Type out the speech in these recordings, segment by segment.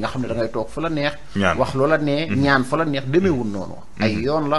nga xam ne da toog fa la neex. wax loola nee. Mm-hmm. ñaan fa la neex demeewul noonu. Mm-hmm. ay yoon la.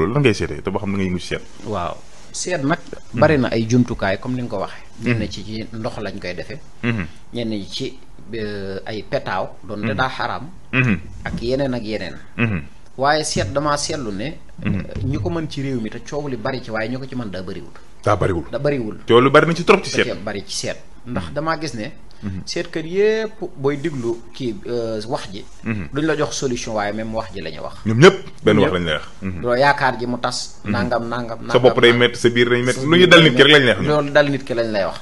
loolu lan ngay seetee te boo xam ne ngay mujj seet. waaw seet nag. bari ay jumtukaay comme ni nga ko waxee. Mm-hmm. ñenn ci ci ndox lañ koy defee. Mm-hmm. ñenn ñi ci euh, ay petaaw. doonte mm-hmm. daa xaraam. ak yeneen ak yeneen. waaye seet damaa seetlu ne. Euh, ñi ko mën ci réew mi te coow li bari ci waaye ñi ko ci mën daa bariwul. daa bariwul daa bariwul. coow lu bari na ci trop ci seet ndax damaa gis ne. Mhm. seet kër yépp booy diglu kii euh, wax ji mhm. duñ la jox solution waaye même wax ji la ñu wax ñoom ñëpp benn wax lañ lay wax mhm. yaakaar ji mu tas nangam nangam sa bopp day métti sa biir day métti lu ñu dal nit ki rek lañ lay wax loolu dal ki lañ lay wax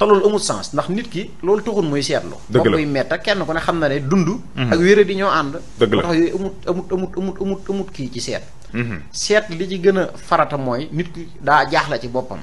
te loolu amul sens ndax nit ki loolu taxul muy seetlu boo koy métti kenn ku ne xam na ne dund ak wéré di ñoo ànd dëgg la tax yooyu amut amut amut amut amut amut kii ci seet seet li ci gën a farata mooy nit ki daa jaaxle ci boppam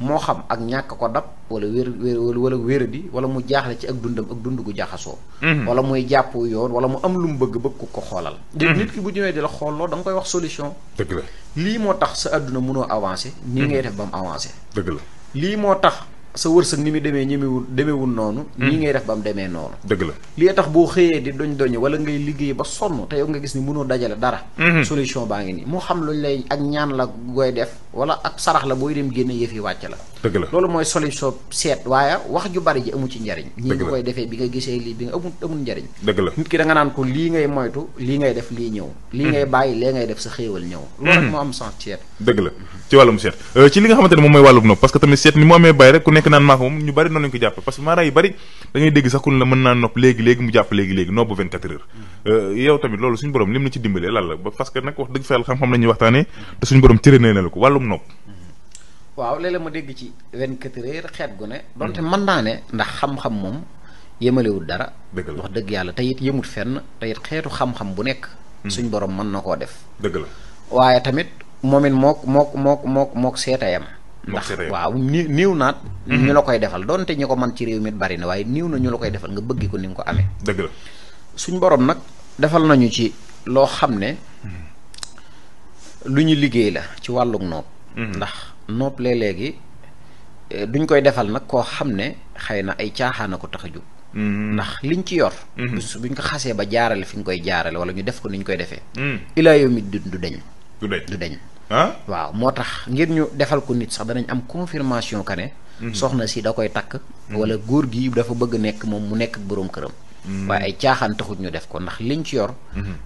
moo xam ak ñàkk ko dab wala wér wala wéradi wala mu jaaxle ci ak dundam ak dund gu jaxasoo mhm. wala muy jàpp yoon wala mu am lu mu bëgg bëgg ko xoolal mhm. nit ki bu ñëwee di la xoolloo da koy wax solution dëgg la lii moo tax sa àdduna mënoo avancé nii ngay mhm. def ba mu avancé dëgg la lii moo tax sa wërsëg ni mu demee ñemewul demewul noonu ñii hmm. ngay def ba mu demee noonu dëgg la li tax boo xëyee di doñ doñ wala ngay liggéey ba sonn te yow nga gis ni mënoo dajale dara hmm. solution baa ngi nii moo xam luñ lay ak ñaan la gooy def wala ak sarax la booy dem génne yëf yi wàcc la dëgg la loolu mooy solution seet waaye wax ju bari ji amu ci njariñ ñii nga koy defee bi nga gisee lii bi nga amul njariñ dëgg la nit ki da nga naan ko lii ngay moytu lii ngay def lii ñëw lii hmm. ngay bàyyi lee ngay def sa xéewal ñëw hmm. loolu euh, li nga xamante ne moom mooy wàllum nopp parce que tamit seet ni mu amee bay rek ku nekk naan maa ko ñu bari noonu lañu ko jàppe parce que maara yi bari da dégg sax ku la mën naa nopp léegi léegi mu jàpp léegi léegi hmm. euh, loolu suñu borom lim la ci la parce que nag wax dëgg fa yàlla xam-xam nopp waaw léeg-léeg ma dégg ci 24 heures xeet gu ne. Hmm. donte mën naa ne ndax xam-xam moom yemalewul dara. wax dëgg yàlla te it yemut fenn te it xeetu xam-xam bu nekk. Hmm. suñ borom mën na koo def. waaye tamit moom it mook mook mook mook mook seetayam. ndax waaw ni niiw naat. Hmm. ñu la koy defal donte ñi ko mën ci réew mi bari na waaye niiw na ñu la koy defal nga bëgg ko ni nga ko amee. dëgg la suñ borom nag defal nañu ci loo xam ne lu ñu liggéey la ci wàllug noob. ndax. nopplee léegi eh, duñ koy defal nag koo xam ne xëy na ay caaxaan a ko tax a jóg mm-hmm. ndax liñ ci yor mm-hmm. su buñ ko xasee ba jaarale fi ñu koy jaarale wala ñu def ko ni ñu koy defee mm. ilaa yomi du du deñ du deñ ah waaw moo tax ngir ñu defal ko nit sax danañ am confirmation kane mm-hmm. soxna si da koy takk wala góor gi dafa bëgg nekk moom mu nekk ak boroom këram waaye ay caaxaan taxut ñu def ko ndax liñ ci yor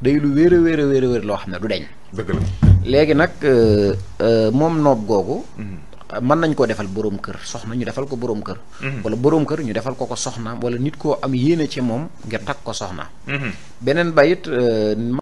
day lu wéer a wéer a loo xam ne du deñ dëgg la léegi nag euh, euh, moom noob googu. Mhm. mën nañ koo defal boroom kër soxna ñu defal ko boroom kër. Mhm. wala borom kër ñu defal ko ko soxna wala nit koo am yéene ci moom ngir takk ko soxna. Mhm. beneen ba it. Euh,